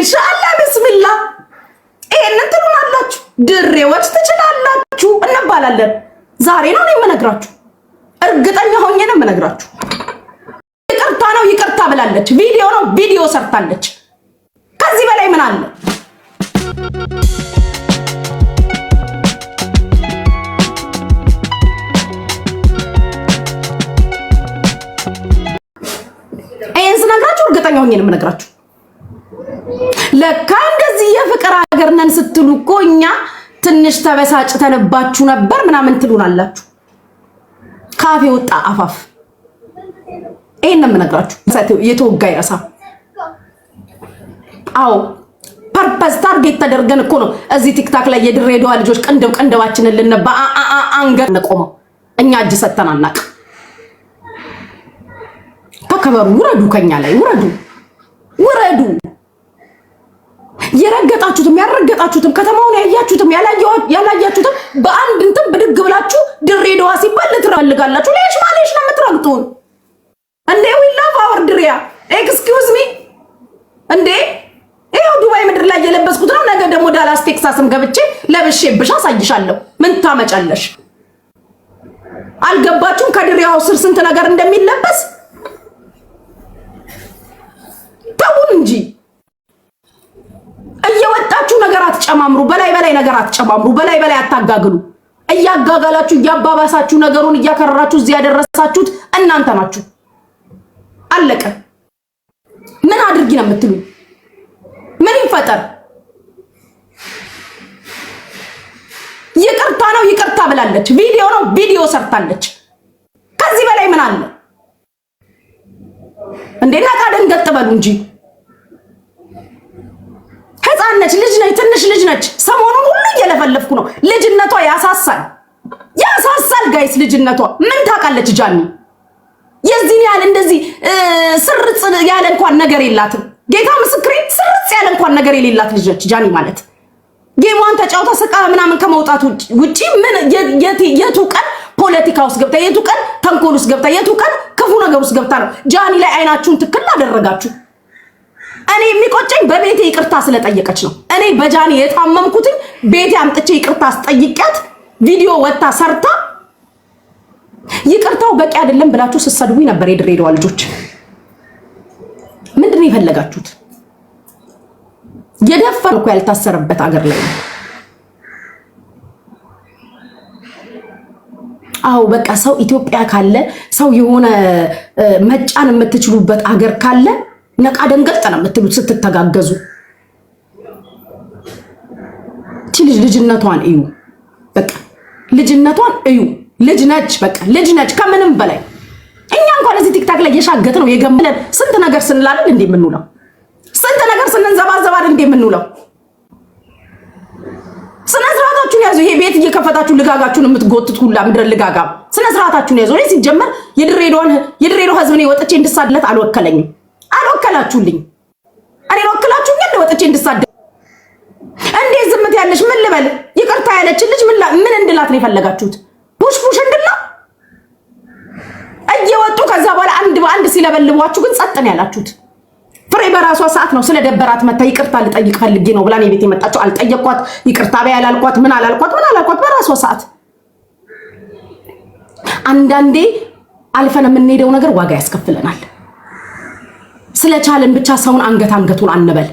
ኢንሻአላ ብስሚላ ይሄንን ትሉናላችሁ። ድሬዎች ትችላላችሁ እንባላለን። ዛሬ ነው የምነግራችሁ፣ እርግጠኛ ሆኜ ነው የምነግራችሁ። ይቅርታ ነው ይቅርታ ብላለች። ቪዲዮ ነው ቪዲዮ ሰርታለች። ከዚህ በላይ ምን አለ? ይህን ስነግራችሁ እርግጠኛ ሆኜ ነው የምነግራችሁ። ለካ እንደዚህ የፍቅር ሀገር ነን ስትሉ እኮ እኛ ትንሽ ተበሳጭተንባችሁ ነበር ምናምን ትሉናላችሁ። ካፌ ወጣ አፋፍ። ይሄን ነው የምነግራችሁ። የተወጋ ይረሳ። አዎ ፐርፐስ ታርጌት ተደርገን እኮ ነው እዚህ ቲክታክ ላይ የድሬዳዋ ልጆች ቅንድብ ቅንድባችንን ልንባ አንገት ቆመው እኛ እጅ ሰተን አናቅ። ተከበሩ፣ ውረዱ፣ ከኛ ላይ ውረዱ፣ ውረዱ። የረገጣችሁትም ያረገጣችሁትም ከተማውን ያያችሁትም ያላያችሁትም በአንድ እንትን ብድግ ብላችሁ ድሬዳዋ ሲባል ልትፈልጋላችሁ። ሌሽ ማለሽ ነው የምትረግጡን እንዴ? ዊ ላቭ አወር ድሬያ ኤክስኪውዝ ሚ እንዴ ይኸው ዱባይ ምድር ላይ የለበስኩት ነው። ነገ ደግሞ ዳላስ ቴክሳስም ገብቼ ብሻ አሳይሻለሁ። ምን ታመጫለሽ? አልገባችሁም? ከድሬያው ስር ስንት ነገር እንደሚለበስ ተውን እንጂ አትጨማምሩ። በላይ በላይ ነገር አትጨማምሩ። በላይ በላይ አታጋግሉ። እያጋጋላችሁ እያባባሳችሁ ነገሩን እያከረራችሁ እዚህ ያደረሳችሁት እናንተ ናችሁ። አለቀ። ምን አድርጊ ነው የምትሉኝ? ምን ይፈጠር? ይቅርታ ነው ይቅርታ ብላለች። ቪዲዮ ነው ቪዲዮ ሰርታለች። ከዚህ በላይ ምን አለ እንዴ? ነቃ ደንገጥ በሉ እንጂ ህፃን ነች፣ ልጅ ነች፣ ትንሽ ልጅ ነች። ሰሞኑን ሁሉ እየለፈለፍኩ ነው። ልጅነቷ ያሳሳል፣ ያሳሳል ጋይስ። ልጅነቷ ምን ታውቃለች? ጃኒ የዚህን ያህል እንደዚህ ስርጽ ያለ እንኳን ነገር የላትም። ጌታ ምስክሬ፣ ስርጽ ያለ እንኳን ነገር የሌላት ልጅ ነች ጃኒ ማለት ጌሟን ተጫውታ ስቃ ምናምን ከመውጣት ውጪ ምን የቱ ቀን ፖለቲካ ውስጥ ገብታ የቱ ቀን ተንኮል ውስጥ ገብታ የቱ ቀን ክፉ ነገር ውስጥ ገብታ ነው ጃኒ ላይ አይናችሁን ትክል አደረጋችሁ? እኔ የሚቆጨኝ በቤቴ ይቅርታ ስለጠየቀች ነው። እኔ በጃኒ የታመምኩትን ቤቴ አምጥቼ ይቅርታ ስጠይቂያት ቪዲዮ ወጥታ ሰርታ ይቅርታው በቂ አይደለም ብላችሁ ስትሰድቡኝ ነበር። የድሬዳዋ ልጆች ምንድን ነው የፈለጋችሁት? የደፈርኩ ያልታሰረበት አገር ላይ ነው። በቃ ሰው ኢትዮጵያ ካለ ሰው የሆነ መጫን የምትችሉበት አገር ካለ ነቃ ደንገጥ ነው የምትሉት ስትተጋገዙ። እቺ ልጅ ልጅነቷን እዩ፣ በቃ ልጅነቷን እዩ። ልጅ ነች፣ በቃ ልጅ ነች። ከምንም በላይ እኛ እንኳን እዚህ ቲክታክ ላይ የሻገት ነው የገመለን ስንት ነገር ስንላለን እንደ የምንውለው ስንት ነገር ስንንዘባዘባል እንደ የምንውለው ስነ ስርዓታችሁን ያዙ። ይሄ ቤት እየከፈታችሁ ልጋጋችሁን የምትጎትት ሁላ ምድረ ልጋጋ ስነ ስርዓታችሁን ያዙ። እኔ ሲጀመር የድሬዳዋን የድሬዳዋ ህዝብ እኔ ወጥቼ እንድሳድለት አልወከለኝም። አልወከላችሁልኝ። እኔን ወክላችሁኛል ወጥቼ እንድሳደ እንዴት ዝምት ያለች ምን ልበል? ይቅርታ ያለችን ልጅ ምን እንድላት ነው የፈለጋችሁት? ቡሽ ቡሽ እንድላ እየወጡ ከዛ በኋላ አንድ በአንድ ሲለበልቧችሁ ግን ጸጥን ያላችሁት። ፍሬ በራሷ ሰዓት ነው ስለ ደበራት መታ ይቅርታ ልጠይቅ ፈልጌ ነው ብላ ቤት የመጣቸው አልጠየኳት፣ ይቅርታ በይ አላልኳት፣ ምን አላልኳት፣ ምን አላልኳት። በራሷ ሰዓት አንዳንዴ አልፈን የምንሄደው ነገር ዋጋ ያስከፍለናል። ስለቻለን ብቻ ሰውን አንገት አንገቱን አንበል።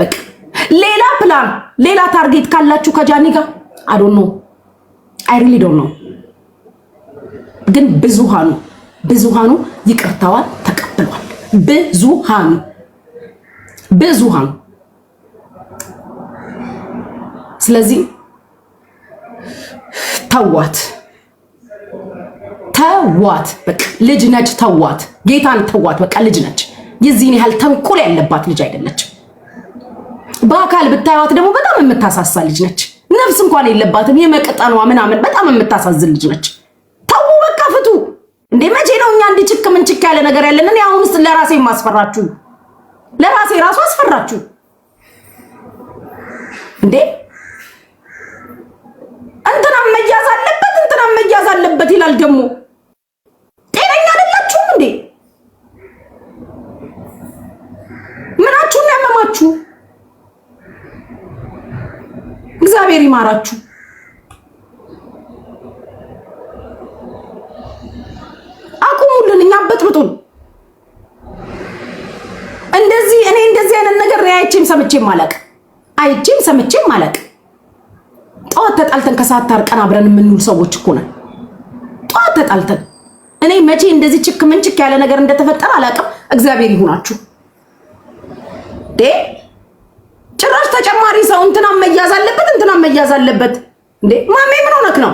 በቃ ሌላ ፕላን፣ ሌላ ታርጌት ካላችሁ ከጃኒ ጋር አዶኖ አይ ሪሊ ዶን ነው። ግን ብዙሃኑ ብዙሃኑ ይቅርታዋን ተቀብሏል። ብዙሃኑ ብዙሃኑ ስለዚህ ተዋት። ተዋት። በቃ ልጅ ነች፣ ተዋት። ጌታን ተዋት። በቃ ልጅ ነች። የዚህን ያህል ተንኮል ያለባት ልጅ አይደለች በአካል ብታዩት ደግሞ በጣም የምታሳሳ ልጅ ነች። ነፍስ እንኳን የለባትም። የመቀጠኗ ምናምን በጣም የምታሳዝን ልጅ ነች። ተው በቃ ፍቱ እንዴ! መቼ ነው እኛ እንዲህ ችክ ምን ችክ ያለ ነገር ያለን? እኔ አሁን ውስጥ ለራሴ ማስፈራችሁ፣ ለራሴ ራሱ አስፈራችሁ እንዴ! እንትና መያዝ አለበት፣ እንትና መያዝ አለበት ይላል ደግሞ ይማራችሁ። አቁሙልን፣ እኛ በጥብጡን። እንደዚህ እኔ እንደዚህ አይነት ነገር አይቼም ሰምቼም ማለቅ አይቼም ሰምቼም ማለቅ። ጠዋት ተጣልተን ከሰዓት ታርቀን አብረን የምንውል ሰዎች እኮ ነን። ጠዋት ተጣልተን እኔ መቼ እንደዚህ ችክ ምን ችክ ያለ ነገር እንደተፈጠረ አላውቅም። እግዚአብሔር ይሁናችሁ። ጭራሽ ተጨማሪ ሰው እንትና መያዝ አለበት እንትና መያዝ አለበት እንዴ! ማሜ ምን ሆነክ ነው?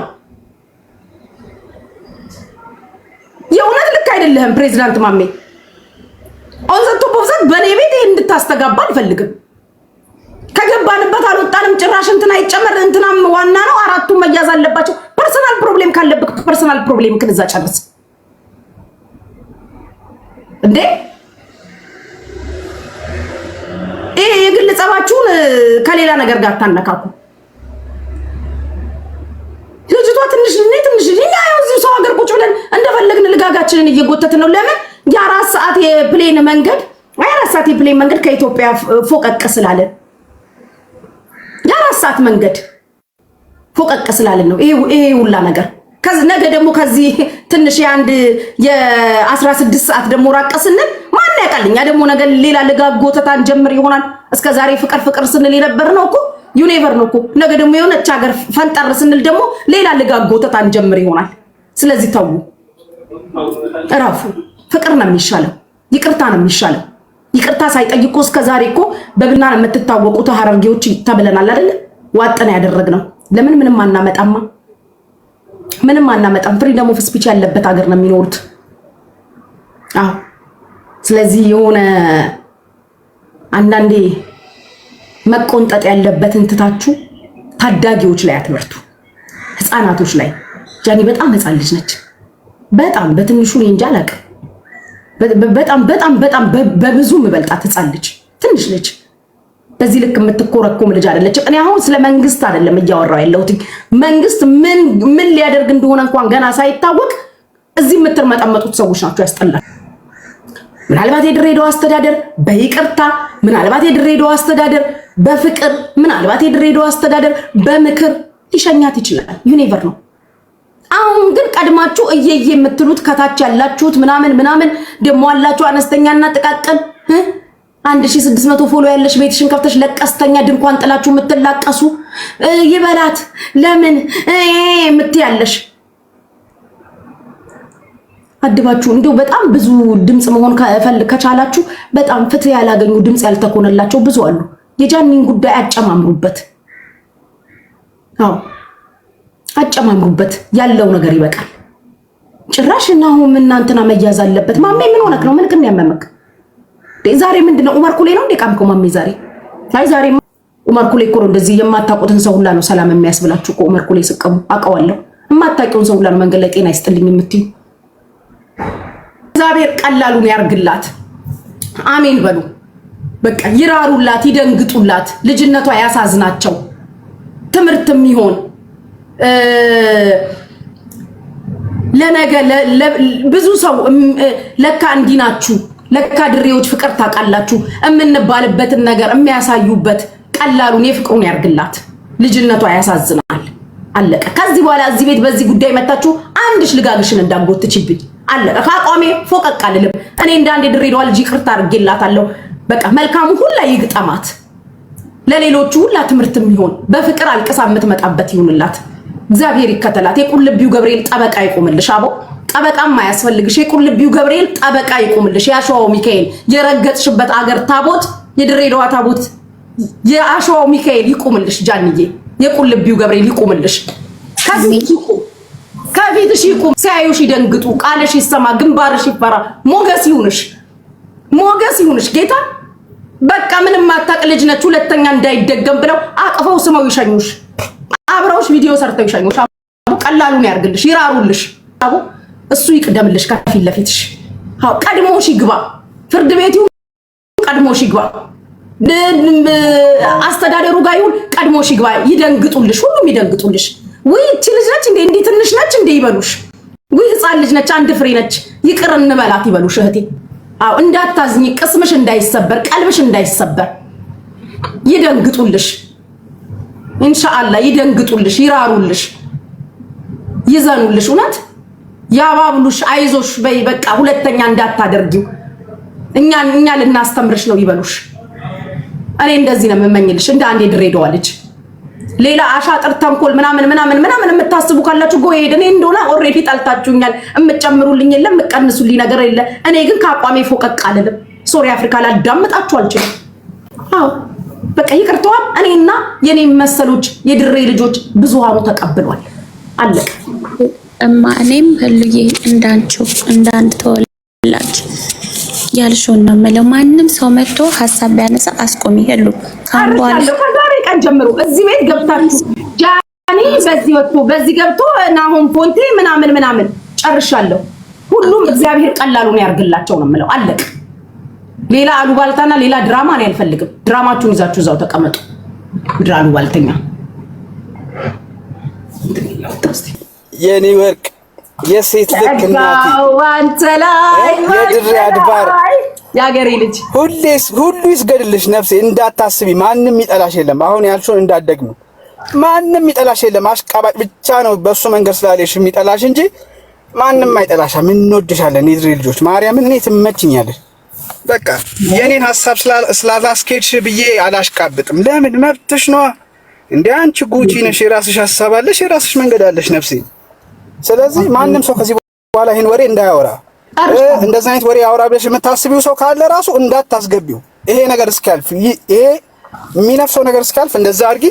የእውነት ልክ አይደለህም ፕሬዚዳንት ማሜ። ኦንዘቱ ቦብዛት በእኔ ቤት ይሄን እንድታስተጋባ አልፈልግም። ከገባንበት አልወጣንም። ጭራሽ እንትና ይጨመር እንትናም ዋና ነው፣ አራቱ መያዝ አለባቸው። ፐርሰናል ፕሮብሌም ካለብክ ፐርሰናል ፕሮብሌም ክንዛ ጨርስ እንዴ! ጸባችሁን ከሌላ ነገር ጋር አታነካኩ። ልጅቷ ትንሽ እኔ ትንሽ ያው እዚሁ ሰው ሀገር ቁጭ ብለን እንደፈለግን ልጋጋችንን እየጎተትን ነው። ለምን የአራት ሰዓት የፕሌን መንገድ የአራት ሰዓት የፕሌን መንገድ ከኢትዮጵያ ፎቀቅ ስላለን የአራት ሰዓት መንገድ ፎቀቅ ስላለን ነው ይሄ ሁላ ነገር ነገ ደግሞ ከዚህ ትንሽ የአንድ የአስራ ስድስት ሰዓት ደግሞ ራቅ ስንል ማን ያውቃልኛ ደግሞ ነገ ሌላ ልጋጎተታን ጀምር ይሆናል። እስከ ዛሬ ፍቅር ፍቅር ስንል የነበር ነው እኮ ዩኔቨር ነው እኮ። ነገ ደግሞ የሆነች ሀገር ፈንጠር ስንል ደግሞ ሌላ ልጋጎተታን ጀምር ይሆናል። ስለዚህ ተዉ፣ እረፉ። ፍቅር ነው የሚሻለው፣ ይቅርታ ነው የሚሻለው። ይቅርታ ሳይጠይቁ እስከ ዛሬ እኮ በብና ነው የምትታወቁት ሀረርጌዎች ተብለናል አይደለ? ነው ያደረግነው። ለምን ምንም አናመጣማ ምንም አናመጣም። ፍሪደም ኦፍ ስፒች ያለበት ሀገር ነው የሚኖሩት። አዎ። ስለዚህ የሆነ አንዳንዴ መቆንጠጥ ያለበትን ትታችሁ ታዳጊዎች ላይ አትመርቱ፣ ህፃናቶች ላይ ጃኒ በጣም ህፃን ልጅ ነች። በጣም በትንሹ እኔ እንጃ አላውቅም። በጣም በጣም በጣም በብዙ ምበልጣት ህፃን ልጅ ትንሽ ልጅ በዚህ ልክ የምትኮረኩም ልጅ አይደለችም። እኔ አሁን ስለ መንግስት አይደለም እያወራው ያለሁት መንግስት ምን ምን ሊያደርግ እንደሆነ እንኳን ገና ሳይታወቅ እዚህ የምትርመጠመጡት ሰዎች ናቸው። ያስጠላል። ምናልባት የድሬዳዋ አስተዳደር በይቅርታ ምናልባት የድሬዳዋ አስተዳደር በፍቅር ምናልባት የድሬዳዋ አስተዳደር በምክር ሊሸኛት ይችላል። ዩኒቨር ነው። አሁን ግን ቀድማችሁ እየየ የምትሉት ከታች ያላችሁት ምናምን ምናምን ደግሞ አላችሁ አነስተኛና ጥቃቅን አንድ ስድስት መቶ ፎሎ ያለሽ ቤትሽን ከፍተሽ ለቀስተኛ ድንኳን ጥላችሁ የምትላቀሱ ይበላት ለምን የምትያለሽ አድባችሁ እንዲሁ በጣም ብዙ ድምፅ መሆን ከቻላችሁ በጣም ፍትህ ያላገኙ ድምፅ ያልተኮነላቸው ብዙ አሉ። የጃኒን ጉዳይ አጨማምሩበት። አዎ አጨማምሩበት። ያለው ነገር ይበቃል። ጭራሽ እና አሁን እናንትና መያዝ አለበት። ማሜ ምን ሆነክ ነው? ምንቅም ያመመክ ዛሬ ምንድነው? ዑመር ኩሌ ነው እንዴ ቃምከው? ማሜ ዛሬ አይ ዛሬ ዑመር ኩሌ እኮ ነው እንደዚህ የማታውቁትን ሰው ሁላ ነው ሰላም የሚያስብላችሁ እኮ። ዑመር ኩሌ ስቀሙ አውቀዋለሁ። የማታውቂውን ሰው ሁላ ነው መንገድ ላይ ጤና ይስጥልኝ የምትዩ እግዚአብሔር ቀላሉን ያርግላት። አሜን በሉ። በቃ ይራሩላት፣ ይደንግጡላት። ልጅነቷ ያሳዝናቸው። ትምህርት የሚሆን ለነገ ብዙ ሰው ለካ እንዲናችሁ ናችሁ ለካ ድሬዎች ፍቅር ታውቃላችሁ የምንባልበትን ነገር የሚያሳዩበት ቀላሉን የፍቅሩን ያርግላት። ልጅነቷ ያሳዝናል። አለቀ። ከዚህ በኋላ እዚህ ቤት በዚህ ጉዳይ መታችሁ አንድሽ ልጋግሽን እንዳጎትችብኝ አለቀ። ከአቋሜ ፎቀቅ አልልም። እኔ እንደ አንድ የድሬዳዋ ልጅ ይቅርታ አድርጌላታለሁ። በቃ መልካሙ ሁላ ይግጠማት፣ ለሌሎቹ ሁላ ትምህርት የሚሆን በፍቅር አልቅሳ የምትመጣበት ይሁንላት። እግዚአብሔር ይከተላት። የቁልቢው ገብርኤል ጠበቃ ይቆምልሽ አቦ ጠበቃም አያስፈልግሽ። የቁልቢው ገብርኤል ጠበቃ ይቁምልሽ። የአሸዋው ሚካኤል የረገጥሽበት አገር ታቦት፣ የድሬዳዋ ታቦት፣ የአሸዋው ሚካኤል ይቁምልሽ። ጃንዬ የቁልቢው ገብርኤል ይቁምልሽ። ከፊትሽ ይቁም። ሲያዩሽ ይደንግጡ፣ ቃልሽ ይሰማ፣ ግንባርሽ ይፈራ። ሞገስ ይሁንሽ፣ ሞገስ ይሁንሽ ጌታ በቃ ምንም አታውቅ ልጅ ነች። ሁለተኛ እንዳይደገም ብለው አቅፈው ስመው ይሸኙሽ። አብረውሽ ቪዲዮ ሰርተው ይሸኙሽ። ቀላሉን ያርግልሽ፣ ይራሩልሽ። እሱ ይቅደምልሽ ከፊት ለፊትሽ ቀድሞሽ ይግባ ፍርድ ቤቱ ቀድሞሽ ይግባ አስተዳደሩ ጋር ይሁን ቀድሞሽ ይግባ ይደንግጡልሽ ሁሉም ይደንግጡልሽ ወይ እቺ ልጅ ነች እንዴ እንዴ ትንሽ ነች እንዴ ይበሉሽ ወይ ህፃን ልጅ ነች አንድ ፍሬ ነች ይቅር እንበላት ይበሉሽ እህቴ አዎ እንዳታዝኝ ቅስምሽ እንዳይሰበር ቀልብሽ እንዳይሰበር ይደንግጡልሽ ኢንሻአላህ ይደንግጡልሽ ይራሩልሽ ይዘኑልሽ እውነት ያባብሉሽ፣ አይዞሽ በይ በቃ ሁለተኛ እንዳታደርጊው፣ እኛ እኛ ልናስተምርሽ ነው ይበሉሽ። እኔ እንደዚህ ነው የምመኝልሽ። እንደ አንዴ ድሬዳዋ ልጅ ሌላ አሻጥር፣ ተንኮል ምናምን ምናምን ምናምን የምታስቡ ካላችሁ ጎ ሄድ። እኔ እንደሆነ ኦልሬዲ ጠልታችሁኛል። የምጨምሩልኝ የለም የምቀንሱልኝ ነገር የለ። እኔ ግን ከአቋሜ ፎቀቅ አልልም። ሶሪ አፍሪካ ላዳምጣችሁ አልችልም። አዎ በቃ ይቅርተዋል። እኔና የኔ መሰሎች የድሬ ልጆች ብዙሃኑ ተቀብሏል። አለቀ። እማ እኔም ህልዬ እንዳንቹ እንዳንድ ተወላጅ ያልሽውን ነው የምለው። ማንም ሰው መጥቶ ሀሳብ ቢያነሳ አስቆሚ። ህሉ ከዛሬ ቀን ጀምሮ እዚህ ቤት ገብታችሁ ጃኒ በዚህ ወጥቶ በዚህ ገብቶ ናሆም ፎንቲ ምናምን ምናምን ጨርሻለሁ። ሁሉም እግዚአብሔር ቀላሉን ያርግላቸው ነው የምለው። አለቅ ሌላ አሉባልታና ሌላ ድራማ እኔ አልፈልግም። ድራማችሁን ይዛችሁ እዛው ተቀመጡ። ምድር አሉባልተኛ የኔ ወርቅ የሴት ልክ እናቴ አንተ የድሬ አድባር የአገሬ ልጅ ሁሌስ ሁሉ ይስገድልሽ ነፍሴ እንዳታስቢ ማንም ይጠላሽ የለም አሁን ያልሽውን እንዳትደግሚ ማንም ይጠላሽ የለም አሽቃባጭ ብቻ ነው በእሱ መንገድ ስላለሽ የሚጠላሽ እንጂ ማንም አይጠላሻም እንወድሻለን የድሬ ልጆች ማርያም እኔ ትመችኛለሽ በቃ የኔን ሀሳብ ስላላስኬድሽ ብዬ አላሽቃብጥም ለምን መብትሽ ነዋ እንደ አንቺ ጉቺ ነሽ የራስሽ ሀሳብ አለሽ የራስሽ መንገድ አለሽ ነፍሴ ስለዚህ ማንም ሰው ከዚህ በኋላ ይህን ወሬ እንዳያወራ እንደዛ አይነት ወሬ ያወራ ብለሽ የምታስቢው ሰው ካለ ራሱ እንዳታስገቢው። ይሄ ነገር እስኪያልፍ ይሄ የሚነፍሰው ነገር እስኪያልፍ እንደዛ አድርጊ።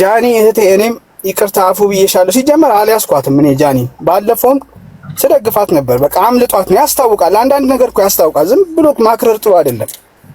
ጃኒ እህቴ፣ እኔም ይቅርታ አፉ ብዬሻለሁ። ሲጀመር አልያዝኳትም እኔ ጃኒ ባለፈውም ስደግፋት ነበር። በቃ አምልጧት ነው ያስታውቃል። አንዳንድ ነገር እኮ ያስታውቃል። ዝም ብሎ ማክረር ጥሩ አይደለም።